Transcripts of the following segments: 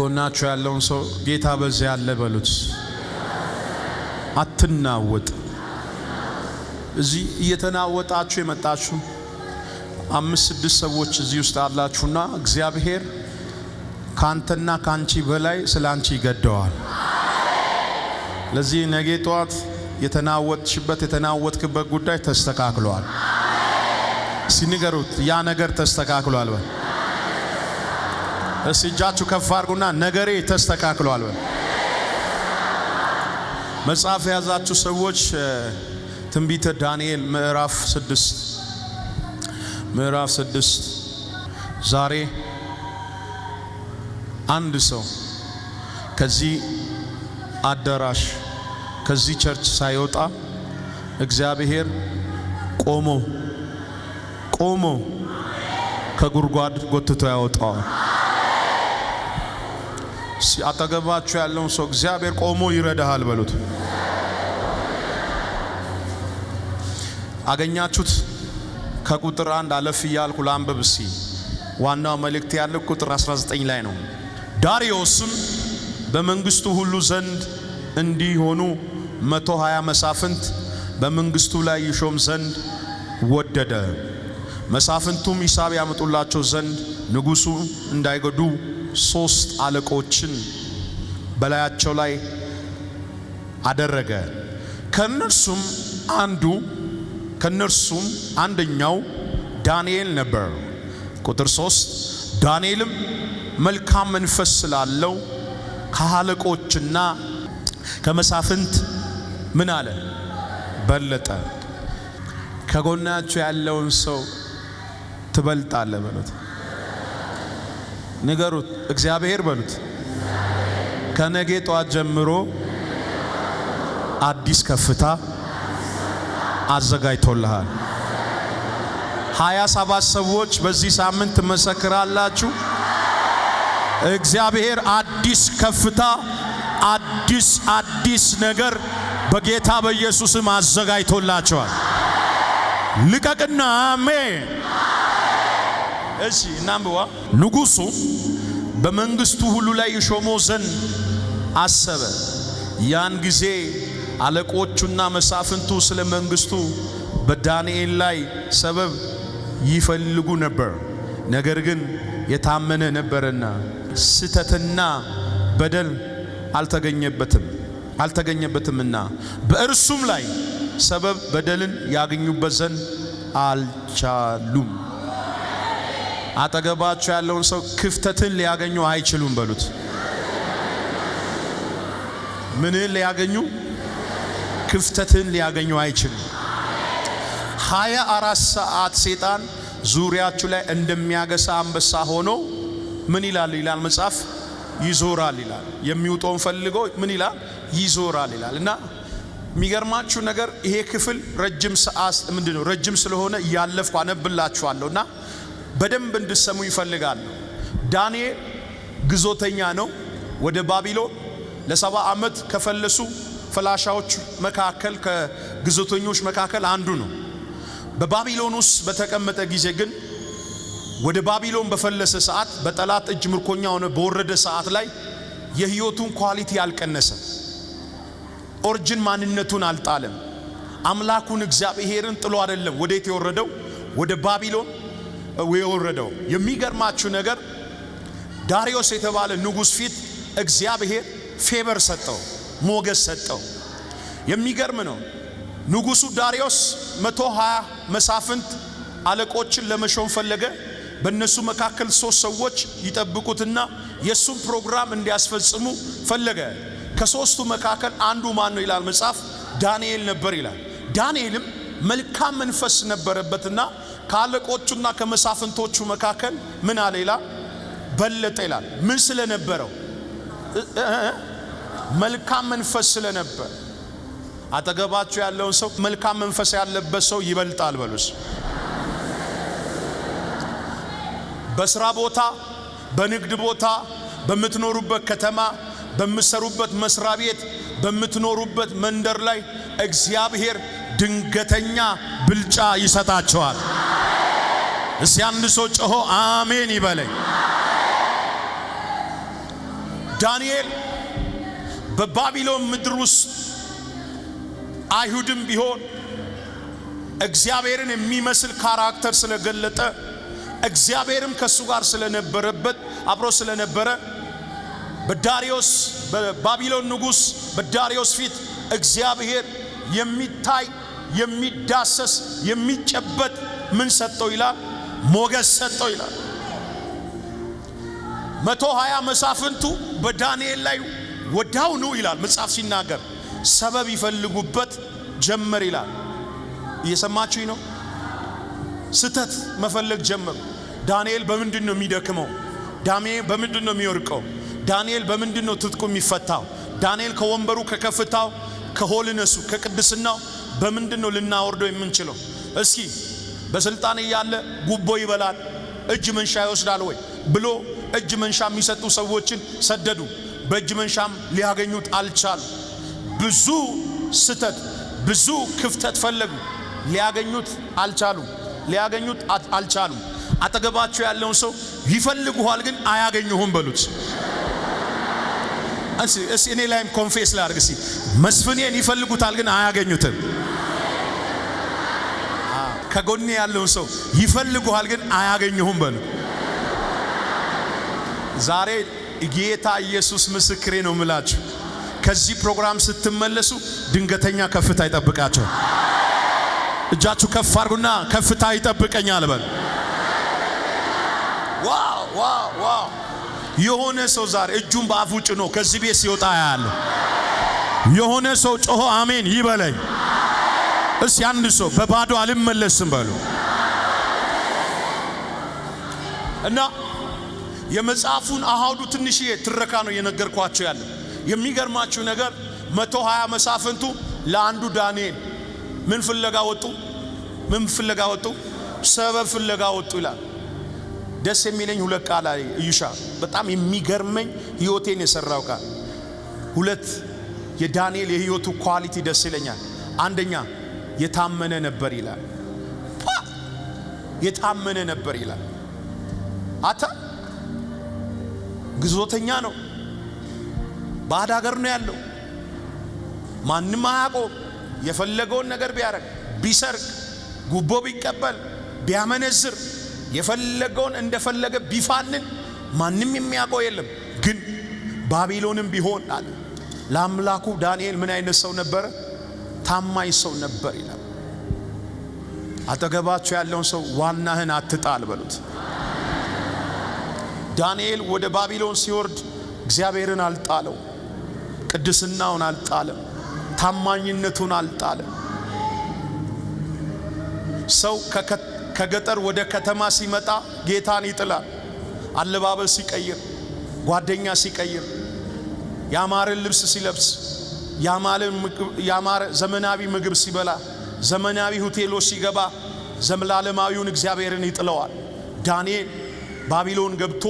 ከጎናችሁ ያለውን ሰው ጌታ በዚህ ያለ በሉት። አትናወጥ። እዚህ እየተናወጣችሁ የመጣችሁ አምስት ስድስት ሰዎች እዚህ ውስጥ አላችሁና እግዚአብሔር ካንተና ካንቺ በላይ ስለ አንቺ ይገደዋል። ለዚህ ነገ ጠዋት የተናወጥሽበት የተናወጥክበት ጉዳይ ተስተካክሏል። ሲንገሩት ያ ነገር ተስተካክሏል በል እስ እጃችሁ ከፍ አድርጉና ነገሬ ተስተካክሏል በል። መጽሐፍ የያዛችሁ ሰዎች ትንቢተ ዳንኤል ምዕራፍ ስድስት ምዕራፍ ስድስት ዛሬ አንድ ሰው ከዚህ አዳራሽ ከዚህ ቸርች ሳይወጣ እግዚአብሔር ቆሞ ቆሞ ከጉድጓድ ጎትቶ ያወጣዋል። አጠገባችሁ ያለውን ሰው እግዚአብሔር ቆሞ ይረዳሃል በሉት። አገኛችሁት? ከቁጥር አንድ አለፍ እያልኩ ለአንብብ ሲ ዋናው መልእክት ያለው ቁጥር 19 ላይ ነው። ዳሪዮስም በመንግስቱ ሁሉ ዘንድ እንዲሆኑ መቶ መሳፍንት በመንግስቱ ላይ ይሾም ዘንድ ወደደ። መሳፍንቱም ሂሳብ ያመጡላቸው ዘንድ ንጉሱ እንዳይገዱ ሶስት አለቆችን በላያቸው ላይ አደረገ። ከነርሱም አንዱ ከነርሱም አንደኛው ዳንኤል ነበር። ቁጥር ሶስት ዳንኤልም መልካም መንፈስ ስላለው ከአለቆችና ከመሳፍንት ምን አለ በለጠ። ከጎናችሁ ያለውን ሰው ትበልጣለህ በሉት። ንገሩት፣ እግዚአብሔር በሉት። ከነገ ጠዋት ጀምሮ አዲስ ከፍታ አዘጋጅቶልሃል። ሀያ ሰባት ሰዎች በዚህ ሳምንት ትመሰክራላችሁ። እግዚአብሔር አዲስ ከፍታ፣ አዲስ አዲስ ነገር በጌታ በኢየሱስም አዘጋጅቶላቸዋል። ልቀቅና አሜን። እሺ እናንብዋ። ንጉሡ በመንግስቱ ሁሉ ላይ ይሾመው ዘንድ አሰበ። ያን ጊዜ አለቆቹና መሳፍንቱ ስለ መንግስቱ በዳንኤል ላይ ሰበብ ይፈልጉ ነበር። ነገር ግን የታመነ ነበርና ስተትና በደል አልተገኘበትም አልተገኘበትምና በእርሱም ላይ ሰበብ በደልን ያገኙበት ዘንድ አልቻሉም። አጠገባቸው ያለውን ሰው ክፍተትን ሊያገኙ አይችሉም በሉት። ምንን ሊያገኙ? ክፍተትን ሊያገኙ አይችሉም። ሀያ አራት ሰዓት ሴጣን ዙሪያችሁ ላይ እንደሚያገሳ አንበሳ ሆኖ ምን ይላል ይላል መጽሐፍ ይዞራል ይላል። የሚውጠውን ፈልጎ ምን ይላል ይዞራል ይላል። እና የሚገርማችሁ ነገር ይሄ ክፍል ረጅም ሰዓት ምንድን ነው ረጅም ስለሆነ እያለፍኩ አነብላችኋለሁ እና በደንብ እንድሰሙ ይፈልጋሉ። ዳንኤል ግዞተኛ ነው። ወደ ባቢሎን ለሰባ ዓመት ከፈለሱ ፈላሻዎች መካከል ከግዞተኞች መካከል አንዱ ነው። በባቢሎን ውስጥ በተቀመጠ ጊዜ ግን ወደ ባቢሎን በፈለሰ ሰዓት በጠላት እጅ ምርኮኛ ሆነ በወረደ ሰዓት ላይ የህይወቱን ኳሊቲ አልቀነሰ። ኦርጅን ማንነቱን አልጣለም። አምላኩን እግዚአብሔርን ጥሎ አይደለም ወዴት የወረደው ወደ ባቢሎን የወረደው። የሚገርማችሁ ነገር ዳሪዮስ የተባለ ንጉሥ ፊት እግዚአብሔር ፌበር ሰጠው፣ ሞገስ ሰጠው። የሚገርም ነው። ንጉሡ ዳሪዮስ መቶ ሃያ መሳፍንት አለቆችን ለመሾም ፈለገ። በእነሱ መካከል ሶስት ሰዎች ይጠብቁትና የእሱን ፕሮግራም እንዲያስፈጽሙ ፈለገ። ከሶስቱ መካከል አንዱ ማን ነው ይላል መጽሐፍ፣ ዳንኤል ነበር ይላል። ዳንኤልም መልካም መንፈስ ነበረበትና ከአለቆቹና ከመሳፍንቶቹ መካከል ምን አለ ይላል በለጠ ይላል። ምን ስለነበረው? መልካም መንፈስ ስለነበር። አጠገባችሁ ያለውን ሰው መልካም መንፈስ ያለበት ሰው ይበልጣል በሉስ። በስራ ቦታ፣ በንግድ ቦታ፣ በምትኖሩበት ከተማ፣ በምትሰሩበት መስሪያ ቤት፣ በምትኖሩበት መንደር ላይ እግዚአብሔር ድንገተኛ ብልጫ ይሰጣቸዋል። እስቲ አንድ ሰው ጮሆ አሜን ይበለኝ። ዳንኤል በባቢሎን ምድር ውስጥ አይሁድም ቢሆን እግዚአብሔርን የሚመስል ካራክተር ስለገለጠ እግዚአብሔርም ከእሱ ጋር ስለነበረበት አብሮ ስለነበረ በዳሪዮስ በባቢሎን ንጉሥ በዳሪዮስ ፊት እግዚአብሔር የሚታይ የሚዳሰስ የሚጨበት ምን ሰጠው ይላል ሞገስ ሰጠው ይላል። መቶ ሀያ መሳፍንቱ በዳንኤል ላይ ወዳውኑ ይላል መጽሐፍ ሲናገር ሰበብ ይፈልጉበት ጀመር ይላል። እየሰማችሁኝ ነው? ስተት መፈለግ ጀመሩ። ዳንኤል በምንድን ነው የሚደክመው? ዳንኤል በምንድን ነው የሚወርቀው? ዳንኤል በምንድን ነው ትጥቁ የሚፈታው? ዳንኤል ከወንበሩ ከከፍታው ከሆልነሱ ከቅድስናው በምንድን ነው ልናወርደው የምንችለው? እስኪ በስልጣን እያለ ጉቦ ይበላል፣ እጅ መንሻ ይወስዳል ወይ ብሎ እጅ መንሻ የሚሰጡ ሰዎችን ሰደዱ። በእጅ መንሻም ሊያገኙት አልቻሉ። ብዙ ስተት፣ ብዙ ክፍተት ፈለጉ፣ ሊያገኙት አልቻሉም። ሊያገኙት አልቻሉም። አጠገባቸው ያለውን ሰው ይፈልጉኋል፣ ግን አያገኙሁም በሉት። እኔ ላይም ኮንፌስ ላድርግ። መስፍኔን ይፈልጉታል፣ ግን አያገኙትም። ከጎኔ ያለውን ሰው ይፈልጉሃል፣ ግን አያገኘሁም በሉ። ዛሬ ጌታ ኢየሱስ ምስክሬ ነው ምላችሁ ከዚህ ፕሮግራም ስትመለሱ ድንገተኛ ከፍታ ይጠብቃቸው። እጃችሁ ከፍ አድርጉና ከፍታ ይጠብቀኛል በል። ዋው ዋው ዋው! የሆነ ሰው ዛሬ እጁን በአፉ ጭኖ ከዚህ ቤት ሲወጣ ያለ የሆነ ሰው ጮሆ አሜን ይበለኝ። እስ አንድ ሰው በባዶ አልመለስም በሉ እና የመጽሐፉን አሃዱ ትንሽዬ ትረካ ነው እየነገርኳቸው ያለ። የሚገርማችሁ ነገር መቶ ሀያ መሳፍንቱ ለአንዱ ዳንኤል ምን ፍለጋ ወጡ? ምን ፍለጋ ወጡ? ሰበብ ፍለጋ ወጡ ይላል። ደስ የሚለኝ ሁለት ቃል እዩሻ፣ በጣም የሚገርመኝ ህይወቴን የሰራው ቃል ሁለት የዳንኤል የህይወቱ ኳሊቲ ደስ ይለኛል። አንደኛ የታመነ ነበር ይላል። የታመነ ነበር ይላል። አታ ግዞተኛ ነው። ባዕድ ሀገር ነው ያለው። ማንም አያቆም። የፈለገውን ነገር ቢያረግ፣ ቢሰርቅ፣ ጉቦ ቢቀበል፣ ቢያመነዝር፣ የፈለገውን እንደፈለገ ቢፋንን ማንም የሚያውቀው የለም። ግን ባቢሎንም ቢሆን አለ ለአምላኩ ዳንኤል ምን አይነት ሰው ነበረ? ታማኝ ሰው ነበር ይላል። አጠገባቸው ያለውን ሰው ዋናህን አትጣል በሉት። ዳንኤል ወደ ባቢሎን ሲወርድ እግዚአብሔርን አልጣለው፣ ቅድስናውን አልጣለም፣ ታማኝነቱን አልጣለም። ሰው ከገጠር ወደ ከተማ ሲመጣ ጌታን ይጥላል። አለባበስ ሲቀይር፣ ጓደኛ ሲቀይር፣ ያማረን ልብስ ሲለብስ ያማረ ዘመናዊ ምግብ ሲበላ፣ ዘመናዊ ሆቴሎ ሲገባ ዘላለማዊውን እግዚአብሔርን ይጥለዋል። ዳንኤል ባቢሎን ገብቶ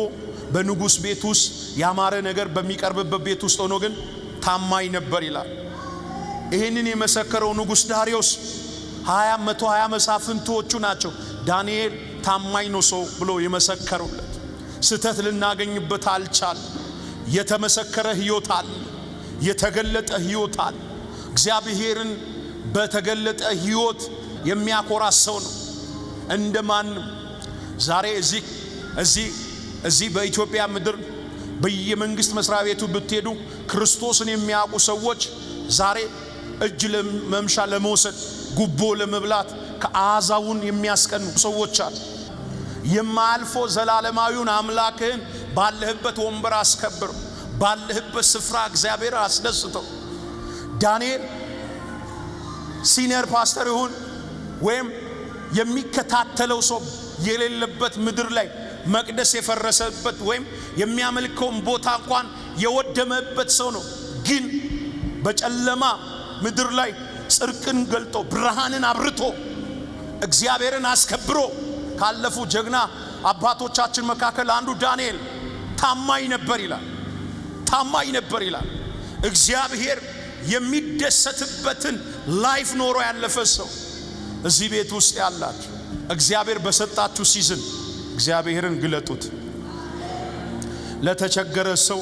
በንጉሥ ቤት ውስጥ ያማረ ነገር በሚቀርብበት ቤት ውስጥ ሆኖ ግን ታማኝ ነበር ይላል። ይህንን የመሰከረው ንጉሥ ዳርዮስ ሀያ መቶ ሀያ መሳፍንቶቹ ናቸው ዳንኤል ታማኝ ነው ሰው ብሎ የመሰከሩለት። ስህተት ልናገኝበት አልቻል የተመሰከረ ሕይወት አለ። የተገለጠ ህይወት አለ። እግዚአብሔርን በተገለጠ ህይወት የሚያኮራ ሰው ነው። እንደማንም ዛሬ እዚህ እዚህ እዚህ በኢትዮጵያ ምድር በየመንግስት መስሪያ ቤቱ ብትሄዱ ክርስቶስን የሚያውቁ ሰዎች ዛሬ እጅ ለመምሻ ለመውሰድ ጉቦ ለመብላት ከአዛውን የሚያስቀኑ ሰዎች አሉ። የማያልፎ ዘላለማዊውን አምላክህን ባለህበት ወንበር አስከብርም? ባለህበት ስፍራ እግዚአብሔር አስደስተው። ዳንኤል ሲኒየር ፓስተር ይሁን ወይም የሚከታተለው ሰው የሌለበት ምድር ላይ መቅደስ የፈረሰበት ወይም የሚያመልከውን ቦታ እንኳን የወደመበት ሰው ነው። ግን በጨለማ ምድር ላይ ጽርቅን ገልጦ ብርሃንን አብርቶ እግዚአብሔርን አስከብሮ ካለፉ ጀግና አባቶቻችን መካከል አንዱ ዳንኤል ታማኝ ነበር ይላል። ታማኝ ነበር ይላል። እግዚአብሔር የሚደሰትበትን ላይፍ ኖሮ ያለፈ ሰው እዚህ ቤት ውስጥ ያላችሁ እግዚአብሔር በሰጣችሁ ሲዝን እግዚአብሔርን ግለጡት። ለተቸገረ ሰው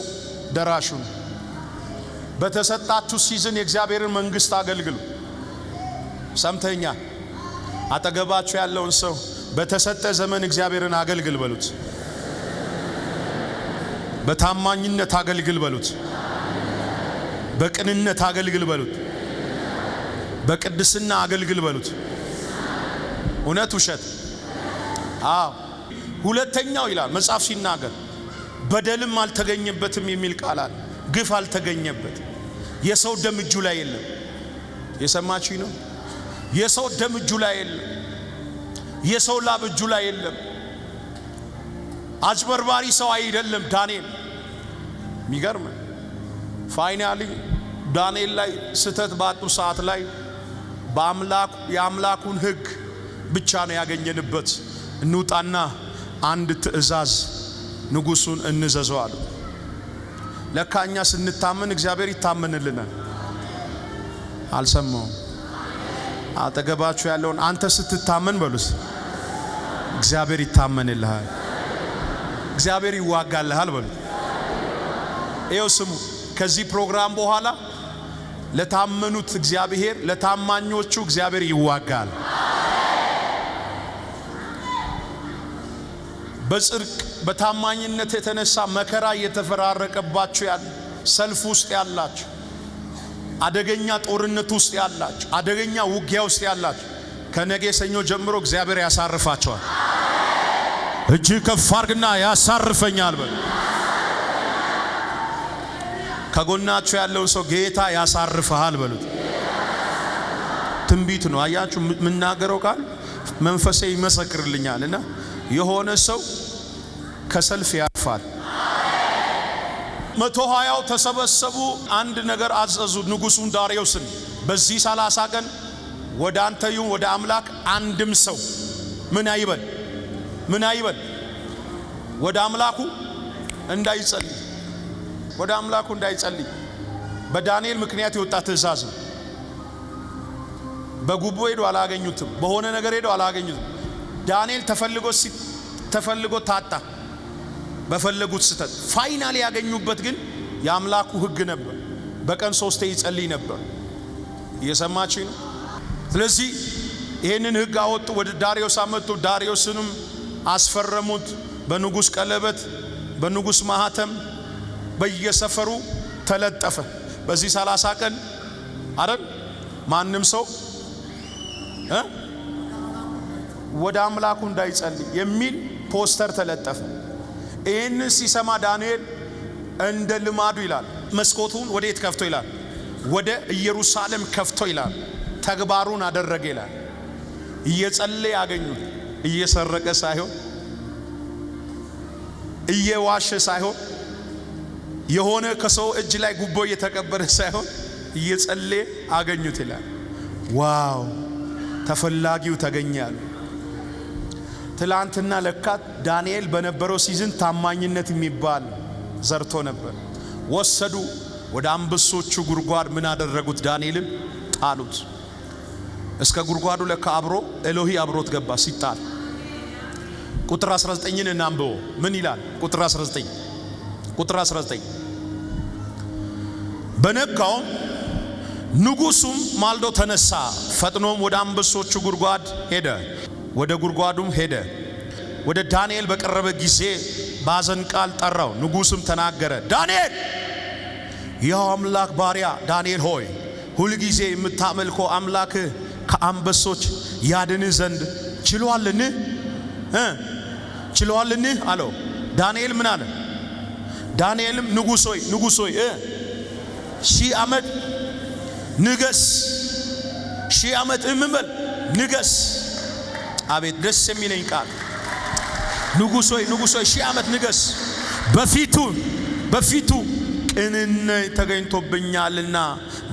ደራሹ በተሰጣችሁ ሲዝን የእግዚአብሔርን መንግሥት አገልግሉ። ሰምተኛ አጠገባችሁ ያለውን ሰው በተሰጠ ዘመን እግዚአብሔርን አገልግል በሉት። በታማኝነት አገልግል በሉት። በቅንነት አገልግል በሉት። በቅድስና አገልግል በሉት። እውነት ውሸት? አዎ። ሁለተኛው ይላል መጽሐፍ ሲናገር በደልም አልተገኘበትም የሚል ቃል አለ። ግፍ አልተገኘበት። የሰው ደም እጁ ላይ የለም። የሰማችሁ ነው። የሰው ደም እጁ ላይ የለም። የሰው ላብ እጁ ላይ የለም። አጭበርባሪ ሰው አይደለም ዳንኤል። የሚገርም ፋይናሊ ዳንኤል ላይ ስህተት ባጡ ሰዓት ላይ የአምላኩን ሕግ ብቻ ነው ያገኘንበት። እንውጣና አንድ ትእዛዝ ንጉሱን እንዘዘው አሉ። ለካ እኛ ስንታመን እግዚአብሔር ይታመንልናል። አልሰማውም። አጠገባችሁ ያለውን አንተ ስትታመን በሉስ እግዚአብሔር ይታመንልሃል፣ እግዚአብሔር ይዋጋልሃል በሉ። ይኸው ስሙ። ከዚህ ፕሮግራም በኋላ ለታመኑት እግዚአብሔር ለታማኞቹ እግዚአብሔር ይዋጋል። በጽድቅ በታማኝነት የተነሳ መከራ እየተፈራረቀባችሁ ያለ ሰልፍ ውስጥ ያላችሁ፣ አደገኛ ጦርነት ውስጥ ያላችሁ፣ አደገኛ ውጊያ ውስጥ ያላችሁ ከነገ ሰኞ ጀምሮ እግዚአብሔር ያሳርፋቸዋል። እጅ ከፍ አርግና ያሳርፈኛል በል ከጎናችሁ ያለውን ሰው ጌታ ያሳርፈሃል በሉት። ትንቢት ነው። አያችሁ የምናገረው ቃል መንፈሴ ይመሰክርልኛል እና የሆነ ሰው ከሰልፍ ያርፋል? መቶ ሀያው ተሰበሰቡ። አንድ ነገር አዘዙ ንጉሱን ዳርዮስን በዚህ ሰላሳ ቀን ወደ አንተ ይሁን ወደ አምላክ አንድም ሰው ምን አይበል ምን አይበል ወደ አምላኩ እንዳይጸልይ ወደ አምላኩ እንዳይጸልይ በዳንኤል ምክንያት የወጣ ትእዛዝ ነው። በጉቦ ሄዶ አላገኙትም። በሆነ ነገር ሄዶ አላገኙትም። ዳንኤል ተፈልጎ ተፈልጎ ታጣ። በፈለጉት ስህተት ፋይናል ያገኙበት ግን የአምላኩ ሕግ ነበር። በቀን ሶስቴ ይጸልይ ነበር። እየሰማችሁ ነው። ስለዚህ ይህንን ሕግ አወጡ፣ ወደ ዳሪዮስ አመጡ። ዳሪዮስንም አስፈረሙት በንጉሥ ቀለበት፣ በንጉሥ ማህተም በየሰፈሩ ተለጠፈ። በዚህ 30 ቀን አረን ማንም ሰው ወደ አምላኩ እንዳይጸልይ የሚል ፖስተር ተለጠፈ። ይህንን ሲሰማ ዳንኤል እንደ ልማዱ ይላል መስኮቱን ወዴት ከፍቶ ይላል ወደ ኢየሩሳሌም ከፍቶ ይላል ተግባሩን አደረገ ይላል። እየጸለየ ያገኙት እየሰረቀ ሳይሆን እየዋሸ ሳይሆን የሆነ ከሰው እጅ ላይ ጉቦ እየተቀበረ ሳይሆን እየጸለየ አገኙት ይላል። ዋው ተፈላጊው ተገኘ ትላንትና ለካት ዳንኤል በነበረው ሲዝን ታማኝነት የሚባል ዘርቶ ነበር። ወሰዱ ወደ አንበሶቹ ጉድጓድ ምን አደረጉት? ዳንኤልን ጣሉት። እስከ ጉድጓዱ ለካ አብሮ ኤሎሂ አብሮት ገባ ሲጣል። ቁጥር 19ን እናንብቦ ምን ይላል? ቁጥር 19 ቁጥር 19 በነጋውም ንጉሱም ማልዶ ተነሳ፣ ፈጥኖም ወደ አንበሶቹ ጉድጓድ ሄደ። ወደ ጉድጓዱም ሄደ። ወደ ዳንኤል በቀረበ ጊዜ ባዘን ቃል ጠራው። ንጉሱም ተናገረ፣ ዳንኤል ያው አምላክ ባሪያ ዳንኤል ሆይ ሁልጊዜ የምታመልኮ አምላክ ከአንበሶች ያድን ዘንድ ችሏልን እ ችሏልን አለው። ዳንኤል ምን አለ? ዳንኤልም ንጉሶይ ንጉሶይ ሺህ ዓመት ንገስ፣ ሺህ ዓመት እምበል ንገስ። አቤት ደስ የሚለኝ ቃል ንጉሶይ ንጉሶይ ሺህ ዓመት ንገስ። በፊቱ በፊቱ ቅንነ ተገኝቶብኛልና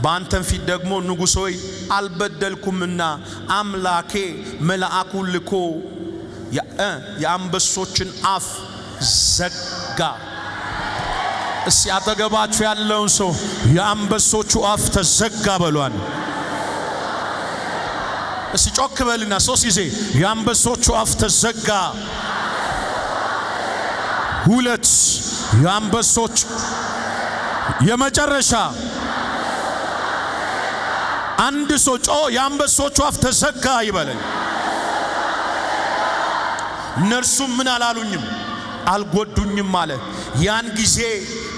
በአንተም ፊት ደግሞ ንጉሶይ አልበደልኩምና አምላኬ መልአኩ ልኮ የአንበሶችን አፍ ዘጋ። እስቲ አጠገባችሁ ያለውን ሰው የአንበሶቹ አፍ ተዘጋ በሏል። እስቲ ጮክ በልና ሶስት ጊዜ የአንበሶቹ አፍ ተዘጋ። ሁለት የአንበሶች የመጨረሻ አንድ ሰው ጮ የአንበሶቹ አፍ ተዘጋ ይበለኝ። እነርሱም ምን አላሉኝም አልጎዱኝም አለ። ያን ጊዜ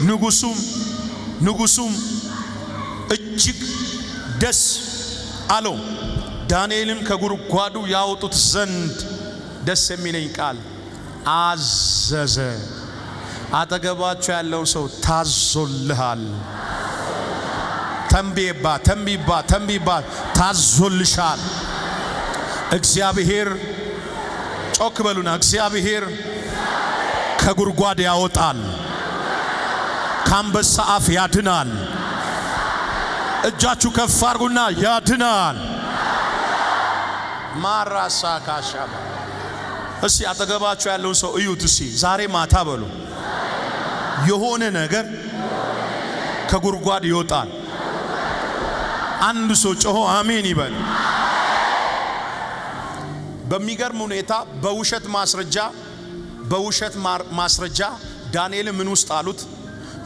ንጉሱም ንጉሱም እጅግ ደስ አለው። ዳንኤልን ከጉድጓዱ ያወጡት ዘንድ ደስ የሚለኝ ቃል አዘዘ። አጠገባቸው ያለውን ሰው ታዞልሃል። ተንቢባ ተንቢባ ተንቢባ ታዞልሻል። እግዚአብሔር ጮክ በሉና እግዚአብሔር ከጉድጓድ ያወጣል፣ ከአንበሳ አፍ ያድናል። እጃችሁ ከፍ አርጉና ያድናል። ማራሳ ካሻባ እስቲ አጠገባችሁ ያለውን ሰው እዩት። እስቲ ዛሬ ማታ በሉ የሆነ ነገር ከጉድጓድ ይወጣል። አንድ ሰው ጮሆ አሜን ይበል። በሚገርም ሁኔታ በውሸት ማስረጃ በውሸት ማስረጃ ዳንኤል ምን ውስጥ አሉት?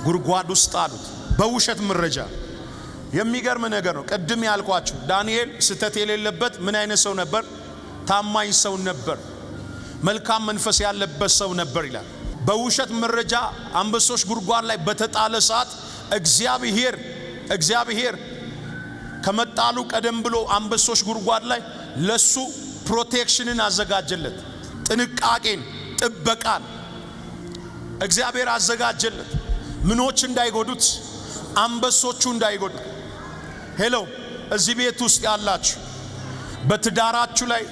ጉድጓድ ውስጥ አሉት። በውሸት መረጃ። የሚገርም ነገር ነው። ቅድም ያልኳችሁ ዳንኤል ስህተት የሌለበት ምን አይነት ሰው ነበር? ታማኝ ሰው ነበር። መልካም መንፈስ ያለበት ሰው ነበር ይላል። በውሸት መረጃ አንበሶች ጉድጓድ ላይ በተጣለ ሰዓት እግዚአብሔር እግዚአብሔር ከመጣሉ ቀደም ብሎ አንበሶች ጉድጓድ ላይ ለሱ ፕሮቴክሽንን አዘጋጀለት ጥንቃቄን ጥበቃን እግዚአብሔር አዘጋጀለት። ምኖች እንዳይጎዱት፣ አንበሶቹ እንዳይጎዱ። ሄሎ እዚህ ቤት ውስጥ ያላችሁ በትዳራችሁ ላይ፣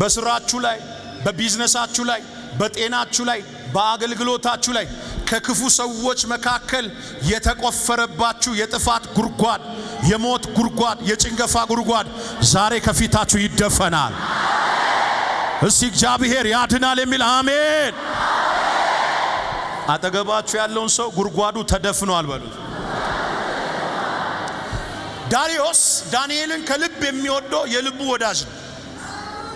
በስራችሁ ላይ፣ በቢዝነሳችሁ ላይ፣ በጤናችሁ ላይ፣ በአገልግሎታችሁ ላይ ከክፉ ሰዎች መካከል የተቆፈረባችሁ የጥፋት ጉድጓድ፣ የሞት ጉድጓድ፣ የጭንገፋ ጉድጓድ ዛሬ ከፊታችሁ ይደፈናል። እስቲ እግዚአብሔር ያድናል የሚል አሜን። አጠገባችሁ ያለውን ሰው ጉድጓዱ ተደፍኗል በሉት። ዳሪዮስ ዳንኤልን ከልብ የሚወደው የልቡ ወዳጅ ነው።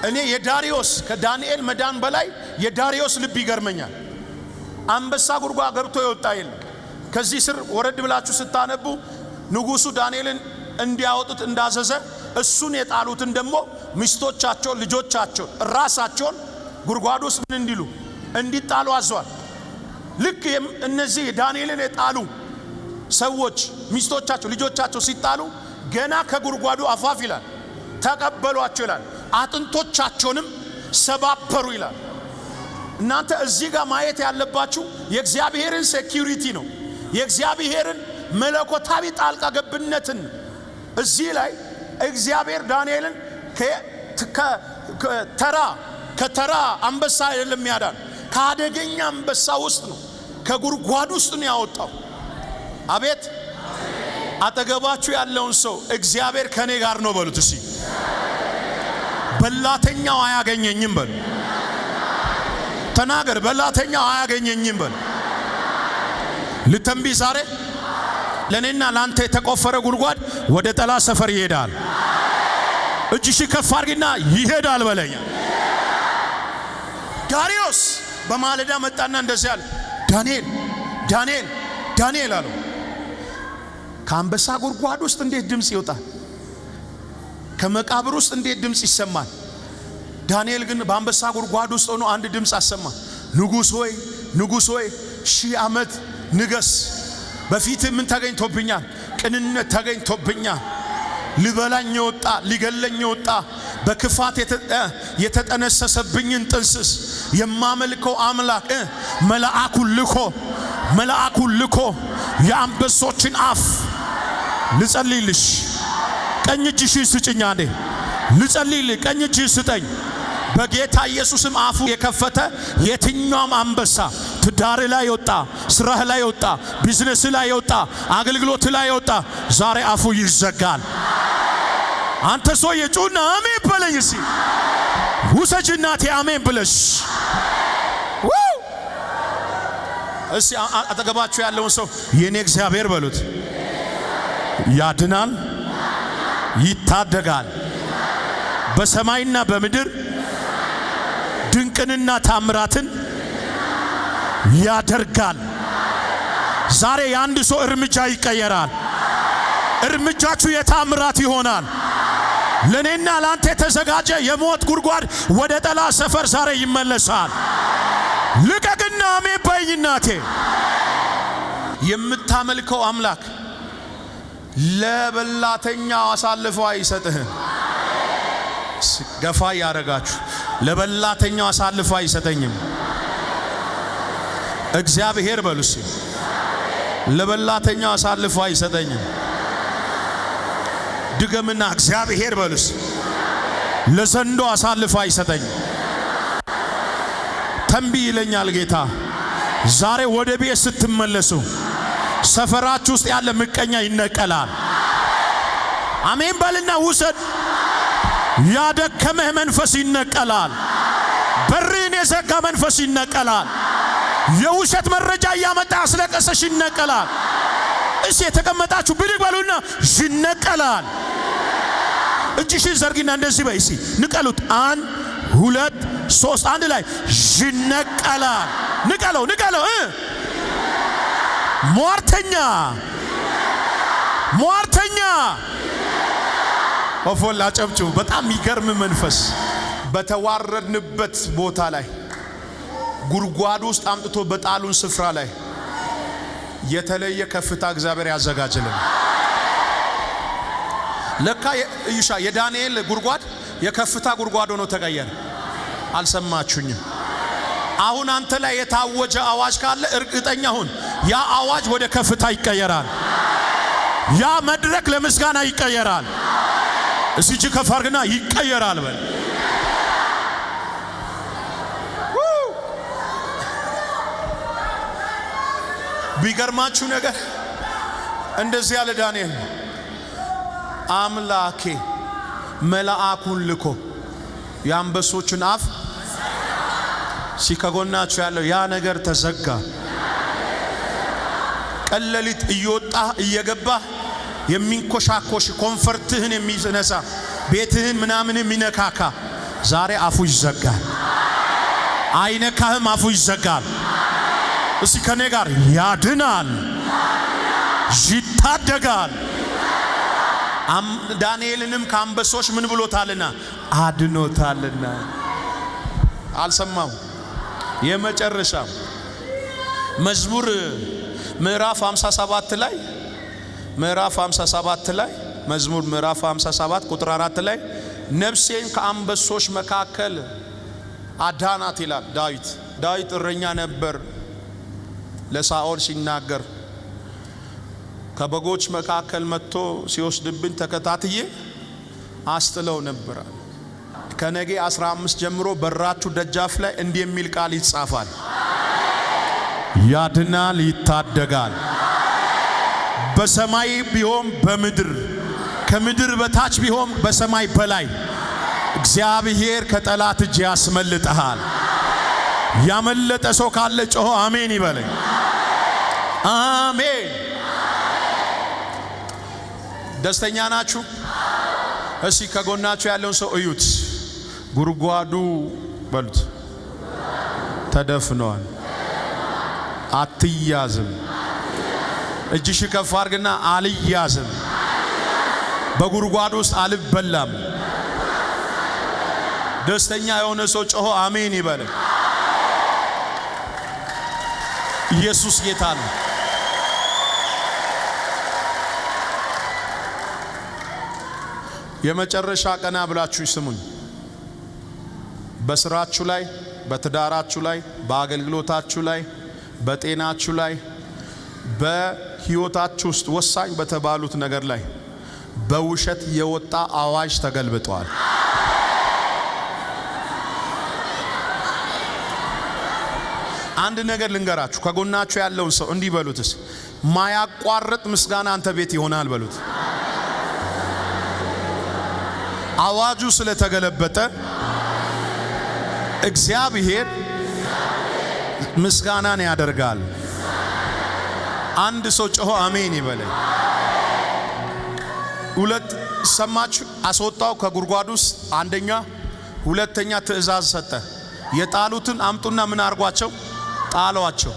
እኔ የዳሪዮስ ከዳንኤል መዳን በላይ የዳሪዮስ ልብ ይገርመኛል። አንበሳ ጉርጓ ገብቶ የወጣ የለም። ከዚህ ስር ወረድ ብላችሁ ስታነቡ ንጉሱ ዳንኤልን እንዲያወጡት እንዳዘዘ እሱን የጣሉትን ደግሞ ሚስቶቻቸውን፣ ልጆቻቸውን፣ ራሳቸውን ጉድጓድ ውስጥ ምን እንዲሉ እንዲጣሉ አዟል። ልክ እነዚህ ዳንኤልን የጣሉ ሰዎች ሚስቶቻቸው፣ ልጆቻቸው ሲጣሉ ገና ከጉድጓዱ አፋፍ ይላል ተቀበሏቸው ይላል አጥንቶቻቸውንም ሰባበሩ ይላል። እናንተ እዚህ ጋር ማየት ያለባችሁ የእግዚአብሔርን ሴኪሪቲ ነው፣ የእግዚአብሔርን መለኮታዊ ጣልቃ ገብነትን። እዚህ ላይ እግዚአብሔር ዳንኤልን ከተራ ከተራ አንበሳ አይደለም ያዳን፣ ከአደገኛ አንበሳ ውስጥ ነው፣ ከጉድጓድ ውስጥ ነው ያወጣው። አቤት አጠገባችሁ ያለውን ሰው እግዚአብሔር ከኔ ጋር ነው በሉት። እሺ በላተኛው አያገኘኝም በሉ። ተናገር፣ በላተኛው አያገኘኝም በሉ። ልተንቢ ዛሬ ለእኔና ለአንተ የተቆፈረ ጉድጓድ ወደ ጠላት ሰፈር ይሄዳል። እጅሽ ከፍ አድርጊና ይሄዳል በለኝ። ዳሪዮስ በማለዳ መጣና እንደዚህ አለ፣ ዳንኤል ዳንኤል ዳንኤል አለው። ከአንበሳ ጉድጓድ ውስጥ እንዴት ድምፅ ይወጣል? ከመቃብር ውስጥ እንዴት ድምፅ ይሰማል? ዳንኤል ግን በአንበሳ ጉድጓድ ውስጥ ሆኖ አንድ ድምፅ አሰማ። ንጉሥ ሆይ ንጉሥ ሆይ ሺህ ዓመት ንገስ። በፊት ምን ተገኝቶብኛል? ቅንነት ተገኝቶብኛል። ልበላኝ የወጣ ሊገለኝ የወጣ በክፋት የተጠነሰሰብኝን ጥንስስ የማመልከው አምላክ መልአኩን ልኮ መልአኩን ልኮ የአንበሶችን አፍ ልጸልይልሽ። ቀኝ እጅሽን ስጭኛ አኔ ልጸልይል። ቀኝ እጅሽ ስጠኝ። በጌታ ኢየሱስም አፉ የከፈተ የትኛውም አንበሳ ትዳር ላይ ወጣ፣ ስራህ ላይ ወጣ፣ ቢዝነስ ላይ ወጣ፣ አገልግሎት ላይ ወጣ፣ ዛሬ አፉ ይዘጋል። አንተ ሰው የጩና አሜን በለኝ። እሺ ውሰጅ እናቴ አሜን ብለሽ እሺ። አጠገባችሁ ያለውን ሰው የኔ እግዚአብሔር በሉት። ያድናል፣ ይታደጋል። በሰማይና በምድር ድንቅንና ታምራትን ያደርጋል። ዛሬ የአንድ ሰው እርምጃ ይቀየራል። እርምጃችሁ የታምራት ይሆናል። ለእኔና ለአንተ የተዘጋጀ የሞት ጉድጓድ ወደ ጠላ ሰፈር ዛሬ ይመለሳል። ልቀቅና አሜን በይኝ እናቴ። የምታመልከው አምላክ ለበላተኛ አሳልፎ አይሰጥህም። ስገፋ ያደረጋችሁ ለበላተኛው አሳልፎ አይሰጠኝም። እግዚአብሔር በሉስ ለበላተኛው አሳልፎ አይሰጠኝም። ድገምና እግዚአብሔር በሉስ ለዘንዶ አሳልፎ አይሰጠኝ ተንቢ ይለኛል ጌታ። ዛሬ ወደ ቤት ስትመለሱ ሰፈራችሁ ውስጥ ያለ ምቀኛ ይነቀላል። አሜን በልና ውሰድ። ያደከመህ መንፈስ ይነቀላል። በርን የዘጋ መንፈስ ይነቀላል። የውሸት መረጃ እያመጣ አስለቀሰሽ ይነቀላል። እስ የተቀመጣችሁ ብድግ በሉና ይነቀላል። እጅሽን ዘርጊና እንደዚህ በይ። እስኪ ንቀሉት። አንድ ሁለት ሶስት፣ አንድ ላይ ይነቀላ። ንቀለው፣ ንቀለው። ሟርተኛ፣ ሟርተኛ። ኦፎላ አጨብጩ። በጣም የሚገርም መንፈስ በተዋረድንበት ቦታ ላይ ጉድጓድ ውስጥ አምጥቶ በጣሉን ስፍራ ላይ የተለየ ከፍታ እግዚአብሔር ያዘጋጅልን። ለካ እዩሻ የዳንኤል ጉድጓድ የከፍታ ጉድጓድ ሆኖ ተቀየረ። አልሰማችሁኝም? አሁን አንተ ላይ የታወጀ አዋጅ ካለ እርግጠኛ ሁን፣ ያ አዋጅ ወደ ከፍታ ይቀየራል። ያ መድረክ ለምስጋና ይቀየራል። እዚህ እጅ ከፍ አድርግና ይቀየራል በል። ቢገርማችሁ ነገር እንደዚህ ያለ ዳንኤል አምላኬ መልአኩን ልኮ የአንበሶቹን አፍ ሲከጎናቸው ያለው ያ ነገር ተዘጋ። ቀለሊት እየወጣህ እየገባህ የሚንኮሻኮሽ ኮንፈርትህን የሚነሳ ቤትህን ምናምን የሚነካካ ዛሬ አፉ ይዘጋል። አይነካህም፣ አፉ ይዘጋል። እስቲ ከእኔ ጋር ያድናል፣ ይታደጋል ዳንኤልንም ከአንበሶች ምን ብሎታልና አድኖታልና። አልሰማው የመጨረሻ መዝሙር ምዕራፍ 57 ላይ ምዕራፍ 57 ላይ መዝሙር ምዕራፍ 57 ቁጥር 4 ላይ ነፍሴን ከአንበሶች መካከል አዳናት ይላል ዳዊት። ዳዊት እረኛ ነበር ለሳኦል ሲናገር ከበጎች መካከል መጥቶ ሲወስድብኝ ተከታትዬ አስጥለው ነበር። ከነጌ 15 ጀምሮ በራችሁ ደጃፍ ላይ እንዲህ የሚል ቃል ይጻፋል፣ ያድናል፣ ይታደጋል። በሰማይ ቢሆን በምድር ከምድር በታች ቢሆን በሰማይ በላይ እግዚአብሔር ከጠላት እጅ ያስመልጠሃል። ያመለጠ ሰው ካለ ጮሆ አሜን ይበለኝ። አሜን ደስተኛ ናችሁ? እስቲ ከጎናችሁ ያለውን ሰው እዩት። ጉድጓዱ በሉት ተደፍኗል፣ አትያዝም። እጅሽ ከፍ አድርግና አልያዝም፣ በጉድጓዱ ውስጥ አልበላም። ደስተኛ የሆነ ሰው ጮሆ አሜን ይበል። ኢየሱስ ጌታ ነው። የመጨረሻ ቀና ብላችሁ ስሙኝ። በስራችሁ ላይ፣ በትዳራችሁ ላይ፣ በአገልግሎታችሁ ላይ፣ በጤናችሁ ላይ፣ በህይወታችሁ ውስጥ ወሳኝ በተባሉት ነገር ላይ በውሸት የወጣ አዋጅ ተገልብጧል። አንድ ነገር ልንገራችሁ። ከጎናችሁ ያለውን ሰው እንዲህ በሉትስ፣ ማያቋርጥ ምስጋና አንተ ቤት ይሆናል በሉት። አዋጁ ስለተገለበጠ እግዚአብሔር ምስጋናን ያደርጋል። አንድ ሰው ጮሆ አሜን ይበለ። ሁለት ሰማችሁ። አስወጣው ከጉድጓድ ውስጥ አንደኛ። ሁለተኛ ትእዛዝ ሰጠ። የጣሉትን አምጡና ምን አርጓቸው? ጣሏቸው።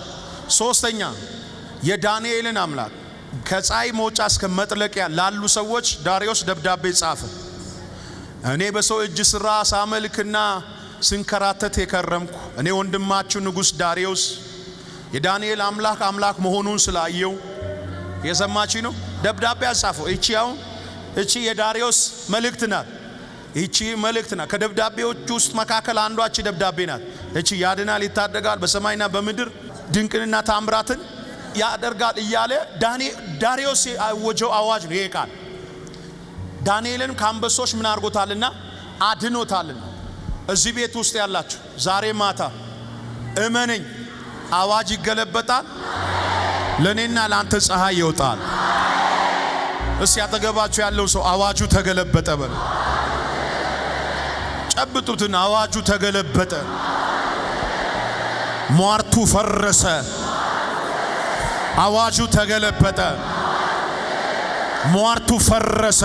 ሶስተኛ የዳንኤልን አምላክ ከፀሐይ መውጫ እስከ መጥለቂያ ላሉ ሰዎች ዳሪዮስ ደብዳቤ ጻፈ። እኔ በሰው እጅ ሥራ ሳመልክና ስንከራተት የከረምኩ እኔ ወንድማችሁ ንጉሥ ዳርዮስ የዳንኤል አምላክ አምላክ መሆኑን ስላየው የሰማች ነው ደብዳቤ አጻፈው። እቺ አሁን እቺ የዳርዮስ መልእክት ናት። እቺ መልእክት ናት። ከደብዳቤዎች ውስጥ መካከል አንዷ እቺ ደብዳቤ ናት። እቺ ያድናል፣ ይታደጋል፣ በሰማይና በምድር ድንቅንና ታምራትን ያደርጋል እያለ ዳርዮስ ያወጀው አዋጅ ነው ይሄ ቃል። ዳንኤልን ከአንበሶች ምን አድርጎታልና አድኖታልና። እዚህ ቤት ውስጥ ያላችሁ ዛሬ ማታ እመነኝ፣ አዋጅ ይገለበጣል። ለእኔና ለአንተ ፀሐይ ይወጣል። እስ ያጠገባችሁ ያለው ሰው አዋጁ ተገለበጠ በሉ። ጨብጡትን፣ አዋጁ ተገለበጠ። ሟርቱ ፈረሰ። አዋጁ ተገለበጠ። ሟርቱ ፈረሰ።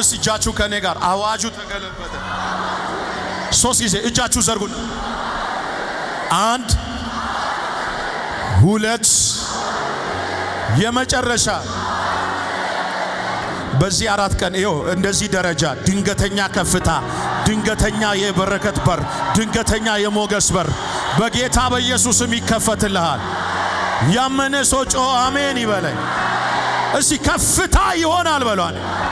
እስ እጃችሁ ከእኔ ጋር አዋጁ ተገለበጠ። ሶስት ጊዜ እጃችሁ ዘርጉ። አንድ ሁለት፣ የመጨረሻ በዚህ አራት ቀን ይኸው እንደዚህ ደረጃ ድንገተኛ ከፍታ፣ ድንገተኛ የበረከት በር፣ ድንገተኛ የሞገስ በር በጌታ በኢየሱስም ይከፈትልሃል። ያመነ ሰው ጮ አሜን ይበለኝ። እሺ ከፍታ ይሆናል በሏል።